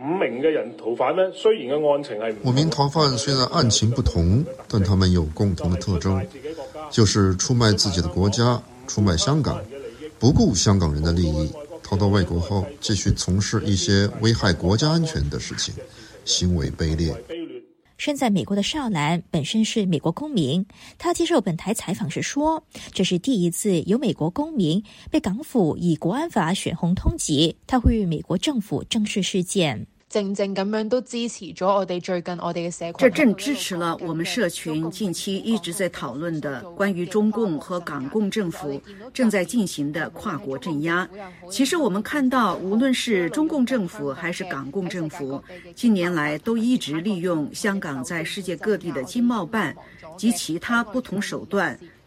五名嘅人逃犯呢，雖然嘅案情係五名逃犯雖然案情不同，但他們有共同嘅特徵，就是出賣自己的國家，出賣香港，不顧香港人的利益，逃到外國後繼續從事一些危害國家安全的事情，行為卑劣。身在美國的邵嵐本身是美國公民，他接受本台採訪時說，這是第一次有美國公民被港府以《國安法》懸紅通緝，他會與美國政府正視事件。正正咁樣都支持咗我哋最近我哋嘅社群。這正支持了我們社群近期一直在討論的關於中共和港共政府正在進行的跨國鎮壓。其實我們看到，無論是中共政府還是港共政府，近年來都一直利用香港在世界各地的經貿辦及其他不同手段。